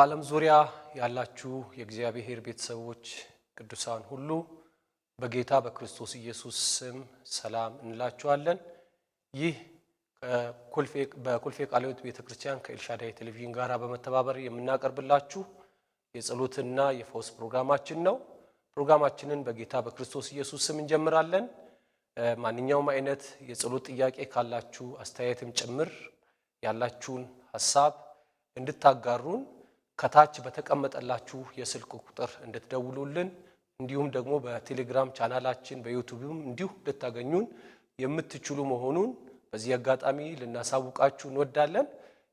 በዓለም ዙሪያ ያላችሁ የእግዚአብሔር ቤተሰቦች ቅዱሳን ሁሉ በጌታ በክርስቶስ ኢየሱስ ስም ሰላም እንላችኋለን። ይህ በኩልፌ ቃለ ሕይወት ቤተ ክርስቲያን ከኤልሻዳይ ቴሌቪዥን ጋር በመተባበር የምናቀርብላችሁ የጸሎትና የፈውስ ፕሮግራማችን ነው። ፕሮግራማችንን በጌታ በክርስቶስ ኢየሱስ ስም እንጀምራለን። ማንኛውም አይነት የጸሎት ጥያቄ ካላችሁ አስተያየትም ጭምር ያላችሁን ሀሳብ እንድታጋሩን ከታች በተቀመጠላችሁ የስልክ ቁጥር እንድትደውሉልን እንዲሁም ደግሞ በቴሌግራም ቻናላችን በዩቱብም እንዲሁ እንድታገኙን የምትችሉ መሆኑን በዚህ አጋጣሚ ልናሳውቃችሁ እንወዳለን።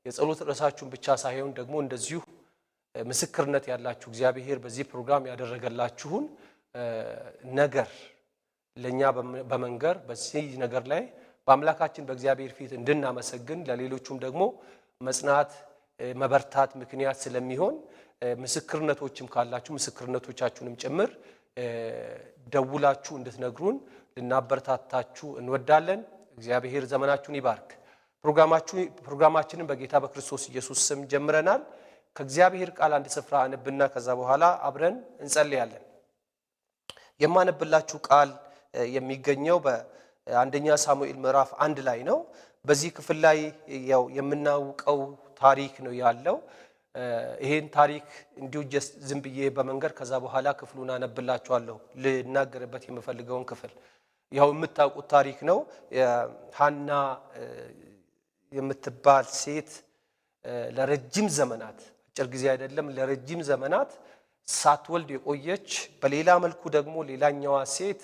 የጸሎት ርዕሳችሁን ብቻ ሳይሆን ደግሞ እንደዚሁ ምስክርነት ያላችሁ እግዚአብሔር በዚህ ፕሮግራም ያደረገላችሁን ነገር ለእኛ በመንገር በዚህ ነገር ላይ በአምላካችን በእግዚአብሔር ፊት እንድናመሰግን ለሌሎቹም ደግሞ መጽናት መበርታት ምክንያት ስለሚሆን ምስክርነቶችም ካላችሁ ምስክርነቶቻችሁንም ጭምር ደውላችሁ እንድትነግሩን ልናበረታታችሁ እንወዳለን። እግዚአብሔር ዘመናችሁን ይባርክ። ፕሮግራማችንን በጌታ በክርስቶስ ኢየሱስ ስም ጀምረናል። ከእግዚአብሔር ቃል አንድ ስፍራ አንብና ከዛ በኋላ አብረን እንጸልያለን። የማነብላችሁ ቃል የሚገኘው በአንደኛ ሳሙኤል ምዕራፍ አንድ ላይ ነው። በዚህ ክፍል ላይ ያው የምናውቀው ታሪክ ነው ያለው። ይሄን ታሪክ እንዲሁ ዝም ብዬ በመንገድ ከዛ በኋላ ክፍሉን አነብላችኋለሁ። ልናገርበት የምፈልገውን ክፍል ያው የምታውቁት ታሪክ ነው። ሀና የምትባል ሴት ለረጅም ዘመናት አጭር ጊዜ አይደለም፣ ለረጅም ዘመናት ሳትወልድ የቆየች በሌላ መልኩ ደግሞ ሌላኛዋ ሴት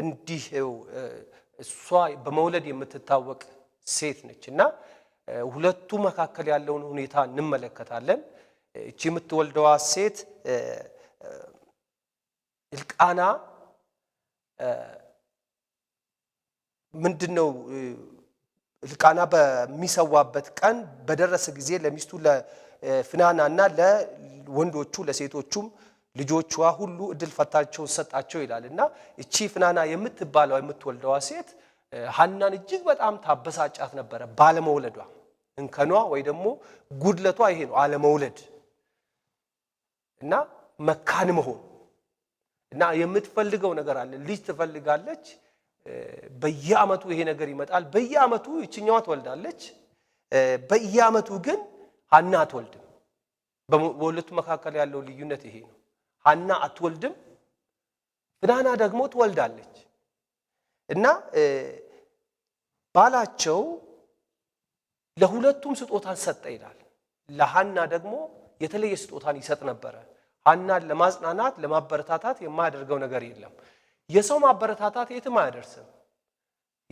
እንዲህ እሷ በመውለድ የምትታወቅ ሴት ነች እና ሁለቱ መካከል ያለውን ሁኔታ እንመለከታለን። እቺ የምትወልደዋ ሴት እልቃና ምንድን ነው እልቃና በሚሰዋበት ቀን በደረሰ ጊዜ ለሚስቱ እና ለወንዶቹ ለሴቶቹም ልጆቿ ሁሉ እድል ፈታቸውን ሰጣቸው ይላል እና እቺ ፍናና የምትባለው የምትወልደዋ ሴት ሀናን እጅግ በጣም ታበሳጫት ነበረ ባለመውለዷ። እንከኗ ወይ ደግሞ ጉድለቷ ይሄ ነው፣ አለመውለድ እና መካን መሆን እና የምትፈልገው ነገር አለ። ልጅ ትፈልጋለች። በየአመቱ ይሄ ነገር ይመጣል። በየአመቱ ይችኛዋ ትወልዳለች። በየአመቱ ግን ሀና አትወልድም። በሁለቱ መካከል ያለው ልዩነት ይሄ ነው። ሀና አትወልድም፣ ፍናና ደግሞ ትወልዳለች። እና ባላቸው ለሁለቱም ስጦታን ሰጠ ይላል። ለሀና ደግሞ የተለየ ስጦታን ይሰጥ ነበረ። ሐናን ለማጽናናት ለማበረታታት የማያደርገው ነገር የለም። የሰው ማበረታታት የትም አያደርስም፣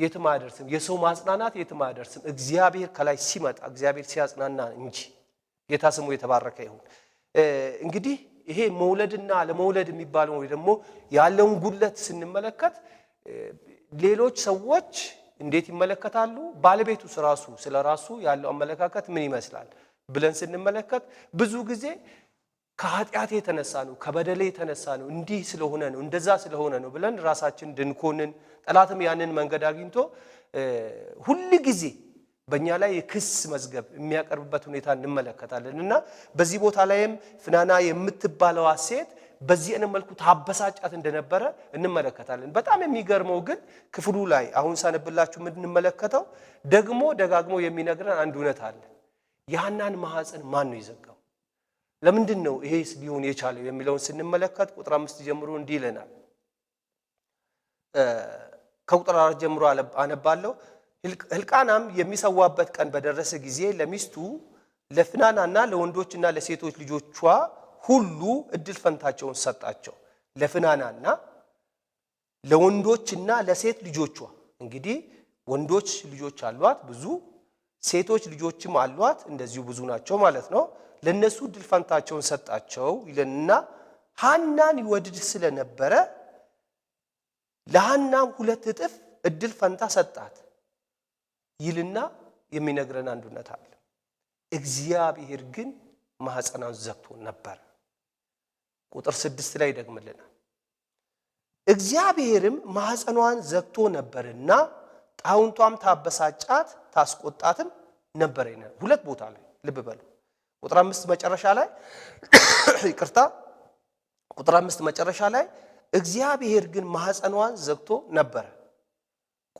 የትም አያደርስም። የሰው ማጽናናት የትም አያደርስም። እግዚአብሔር ከላይ ሲመጣ እግዚአብሔር ሲያጽናና እንጂ ጌታ ስሙ የተባረከ ይሁን። እንግዲህ ይሄ መውለድና ለመውለድ የሚባለው ወይ ደግሞ ያለውን ጉድለት ስንመለከት ሌሎች ሰዎች እንዴት ይመለከታሉ፣ ባለቤቱስ ራሱ ስለ ራሱ ያለው አመለካከት ምን ይመስላል ብለን ስንመለከት ብዙ ጊዜ ከኃጢአት የተነሳ ነው፣ ከበደሌ የተነሳ ነው፣ እንዲህ ስለሆነ ነው፣ እንደዛ ስለሆነ ነው ብለን ራሳችን ድንኮንን፣ ጠላትም ያንን መንገድ አግኝቶ ሁል ጊዜ በእኛ ላይ የክስ መዝገብ የሚያቀርብበት ሁኔታ እንመለከታለን እና በዚህ ቦታ ላይም ፍናና የምትባለዋ ሴት በዚህ አይነት መልኩ ታበሳጫት እንደነበረ እንመለከታለን። በጣም የሚገርመው ግን ክፍሉ ላይ አሁን ሳነብላችሁ የምንመለከተው ደግሞ ደጋግሞ የሚነግረን አንድ እውነት አለ። የሐናን ማህፀን ማን ነው ይዘጋው? ለምንድን ነው ይሄስ ሊሆን የቻለው የሚለውን ስንመለከት ቁጥር አምስት ጀምሮ እንዲህ ይለናል። ከቁጥር አራት ጀምሮ አነባለሁ። ህልቃናም የሚሰዋበት ቀን በደረሰ ጊዜ ለሚስቱ ለፍናናና ለወንዶችና ለሴቶች ልጆቿ ሁሉ እድል ፈንታቸውን ሰጣቸው ለፍናናና ለወንዶችና ለሴት ልጆቿ። እንግዲህ ወንዶች ልጆች አሏት ብዙ፣ ሴቶች ልጆችም አሏት እንደዚሁ ብዙ ናቸው ማለት ነው። ለነሱ እድል ፈንታቸውን ሰጣቸው ይለንና ሃናን ይወድድ ስለነበረ ለሃናም ሁለት እጥፍ እድል ፈንታ ሰጣት ይልና የሚነግረን አንዱነት አለ። እግዚአብሔር ግን ማህፀናን ዘግቶ ነበር። ቁጥር ስድስት ላይ ይደግምልናል። እግዚአብሔርም ማኅፀኗን ዘግቶ ነበርና ጣውንቷም ታበሳጫት ታስቆጣትም ነበር። ሁለት ቦታ ላይ ልብ በሉ። ቁጥር አምስት መጨረሻ ላይ ይቅርታ፣ ቁጥር አምስት መጨረሻ ላይ እግዚአብሔር ግን ማኅፀኗን ዘግቶ ነበረ።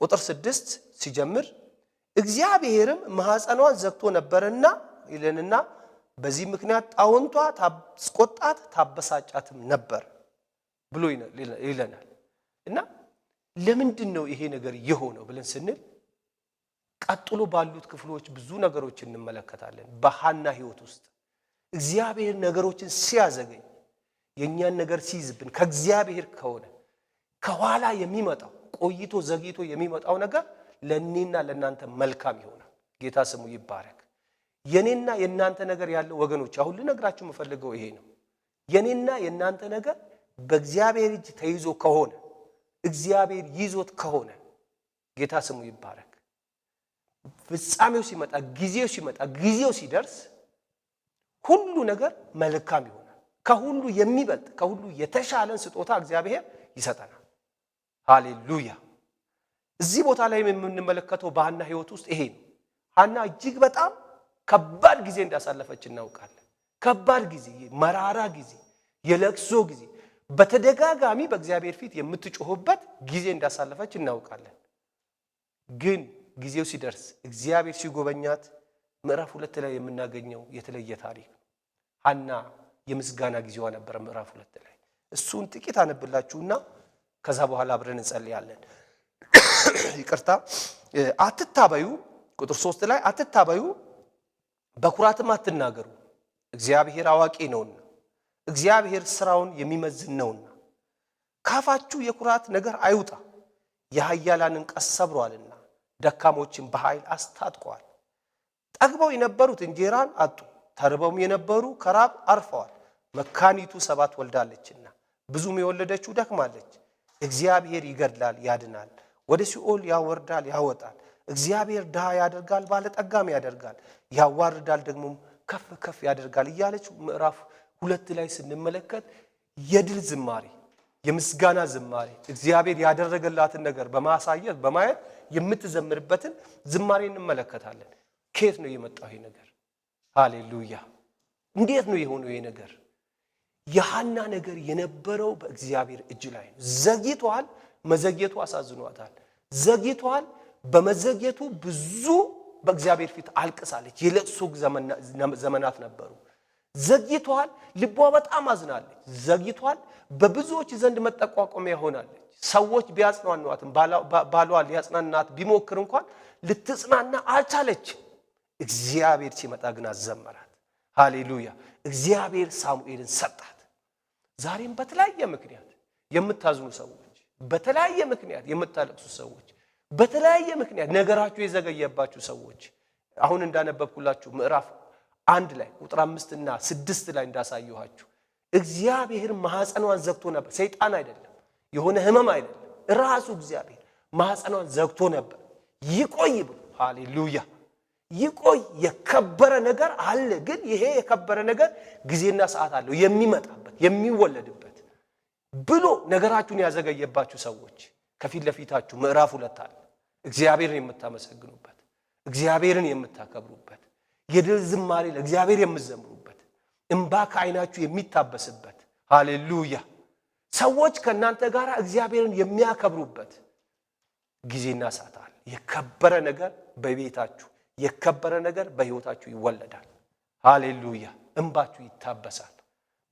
ቁጥር ስድስት ሲጀምር እግዚአብሔርም ማኅፀኗን ዘግቶ ነበርና ይለንና በዚህ ምክንያት ጣውንቷ ታስቆጣት ታበሳጫትም ነበር ብሎ ይለናል። እና ለምንድን ነው ይሄ ነገር የሆነው ብለን ስንል ቀጥሎ ባሉት ክፍሎች ብዙ ነገሮች እንመለከታለን። በሐና ሕይወት ውስጥ እግዚአብሔር ነገሮችን ሲያዘገኝ የእኛን ነገር ሲይዝብን ከእግዚአብሔር ከሆነ ከኋላ የሚመጣው ቆይቶ ዘግይቶ የሚመጣው ነገር ለእኔና ለእናንተ መልካም ይሆናል። ጌታ ስሙ ይባረክ። የኔና የእናንተ ነገር ያለው ወገኖች፣ አሁን ልነግራችሁ የምፈልገው ይሄ ነው። የኔና የእናንተ ነገር በእግዚአብሔር እጅ ተይዞ ከሆነ እግዚአብሔር ይዞት ከሆነ ጌታ ስሙ ይባረክ። ፍጻሜው ሲመጣ ጊዜው ሲመጣ ጊዜው ሲደርስ ሁሉ ነገር መልካም ይሆናል። ከሁሉ የሚበልጥ ከሁሉ የተሻለን ስጦታ እግዚአብሔር ይሰጠናል። ሃሌሉያ። እዚህ ቦታ ላይ የምንመለከተው በሐና ሕይወት ውስጥ ይሄ ነው። ሐና እጅግ በጣም ከባድ ጊዜ እንዳሳለፈች እናውቃለን። ከባድ ጊዜ፣ መራራ ጊዜ፣ የለቅሶ ጊዜ በተደጋጋሚ በእግዚአብሔር ፊት የምትጮሁበት ጊዜ እንዳሳለፈች እናውቃለን። ግን ጊዜው ሲደርስ እግዚአብሔር ሲጎበኛት ምዕራፍ ሁለት ላይ የምናገኘው የተለየ ታሪክ ነው። ሐና የምስጋና ጊዜዋ ነበር ምዕራፍ ሁለት ላይ። እሱን ጥቂት አነብላችሁና ከዛ በኋላ አብረን እንጸልያለን። ይቅርታ አትታበዩ፣ ቁጥር ሶስት ላይ አትታበዩ በኩራትም አትናገሩ፣ እግዚአብሔር አዋቂ ነውና፣ እግዚአብሔር ሥራውን የሚመዝን ነውና። ካፋችሁ የኩራት ነገር አይውጣ፣ የኃያላንን ቀስ ሰብሯልና፣ ደካሞችን በኃይል አስታጥቀዋል። ጠግበው የነበሩት እንጀራን አጡ፣ ተርበውም የነበሩ ከራብ አርፈዋል። መካኒቱ ሰባት ወልዳለችና ብዙም የወለደችው ደክማለች። እግዚአብሔር ይገድላል፣ ያድናል፣ ወደ ሲኦል ያወርዳል፣ ያወጣል እግዚአብሔር ድሃ ያደርጋል፣ ባለጠጋም ያደርጋል፣ ያዋርዳል፣ ደግሞ ከፍ ከፍ ያደርጋል እያለች ምዕራፍ ሁለት ላይ ስንመለከት የድል ዝማሬ የምስጋና ዝማሬ እግዚአብሔር ያደረገላትን ነገር በማሳየት በማየት የምትዘምርበትን ዝማሬ እንመለከታለን። ከየት ነው የመጣው ይሄ ነገር? ሃሌሉያ! እንዴት ነው የሆነው ይሄ ነገር? የሐና ነገር የነበረው በእግዚአብሔር እጅ ላይ ነው። ዘግይቷል። መዘግየቱ አሳዝኗታል። ዘግይቷል። በመዘግየቱ ብዙ በእግዚአብሔር ፊት አልቅሳለች። የለቅሶ ዘመናት ነበሩ። ዘግይቷል። ልቧ በጣም አዝናለች። ዘግይቷል። በብዙዎች ዘንድ መጠቋቋሚያ ሆናለች። ሰዎች ቢያጽናኗትም ባሏ ሊያጽናናት ቢሞክር እንኳን ልትጽናና አልቻለች እግዚአብሔር ሲመጣ ግን አዘመራት። ሃሌሉያ! እግዚአብሔር ሳሙኤልን ሰጣት። ዛሬም በተለያየ ምክንያት የምታዝኑ ሰዎች፣ በተለያየ ምክንያት የምታለቅሱ ሰዎች በተለያየ ምክንያት ነገራችሁ የዘገየባችሁ ሰዎች አሁን እንዳነበብኩላችሁ ምዕራፍ አንድ ላይ ቁጥር አምስት እና ስድስት ላይ እንዳሳየኋችሁ እግዚአብሔር ማኅፀኗን ዘግቶ ነበር። ሰይጣን አይደለም፣ የሆነ ህመም አይደለም፣ ራሱ እግዚአብሔር ማኅፀኗን ዘግቶ ነበር። ይቆይ ብሎ ሃሌሉያ፣ ይቆይ የከበረ ነገር አለ። ግን ይሄ የከበረ ነገር ጊዜና ሰዓት አለው የሚመጣበት የሚወለድበት ብሎ ነገራችሁን ያዘገየባችሁ ሰዎች ከፊት ለፊታችሁ ምዕራፍ ሁለት አለ። እግዚአብሔርን የምታመሰግኑበት፣ እግዚአብሔርን የምታከብሩበት፣ የድል ዝማሬ ለእግዚአብሔር የምዘምሩበት፣ እምባ ከዓይናችሁ የሚታበስበት፣ ሃሌሉያ ሰዎች ከእናንተ ጋር እግዚአብሔርን የሚያከብሩበት ጊዜና ሰዓት አለ። የከበረ ነገር በቤታችሁ የከበረ ነገር በሕይወታችሁ ይወለዳል። ሃሌሉያ እምባችሁ ይታበሳል።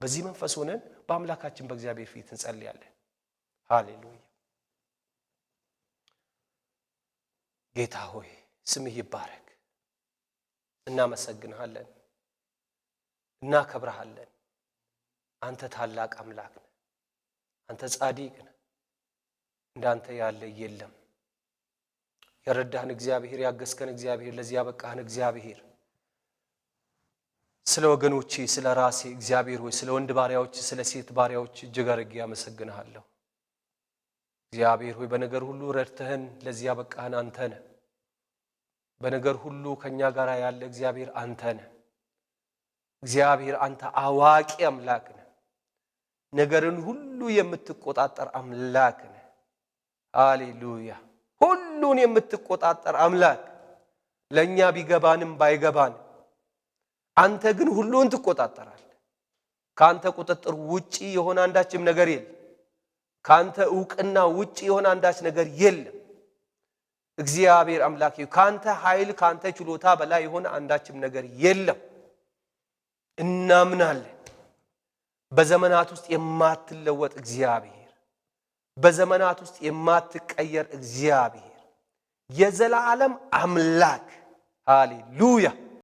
በዚህ መንፈስ ሆነን በአምላካችን በእግዚአብሔር ፊት እንጸልያለን። ሃሌሉያ ጌታ ሆይ ስምህ ይባረክ። እናመሰግንሃለን፣ እናከብረሃለን። አንተ ታላቅ አምላክ ነህ። አንተ ጻዲቅ ነህ። እንዳንተ ያለ የለም። የረዳህን እግዚአብሔር፣ ያገዝከን እግዚአብሔር፣ ለዚህ ያበቃህን እግዚአብሔር ስለ ወገኖቼ ስለ ራሴ እግዚአብሔር ሆይ ስለ ወንድ ባሪያዎች ስለ ሴት ባሪያዎች እጅግ አድርጌ አመሰግንሃለሁ። እግዚአብሔር ሆይ በነገር ሁሉ ረድተህን ለዚህ ያበቃህን አንተ ነህ። በነገር ሁሉ ከእኛ ጋር ያለ እግዚአብሔር አንተ ነህ። እግዚአብሔር አንተ አዋቂ አምላክ ነህ። ነገርን ሁሉ የምትቆጣጠር አምላክ ነህ። ሃሌሉያ! ሁሉን የምትቆጣጠር አምላክ ለእኛ ቢገባንም ባይገባንም አንተ ግን ሁሉን ትቆጣጠራል ከአንተ ቁጥጥር ውጪ የሆነ አንዳችም ነገር የለም። ከአንተ እውቅና ውጪ የሆነ አንዳች ነገር የለም። እግዚአብሔር አምላክ ካንተ ኃይል ካንተ ችሎታ በላይ የሆነ አንዳችም ነገር የለም። እናምናለን። በዘመናት ውስጥ የማትለወጥ እግዚአብሔር፣ በዘመናት ውስጥ የማትቀየር እግዚአብሔር፣ የዘላለም አምላክ ሃሌሉያ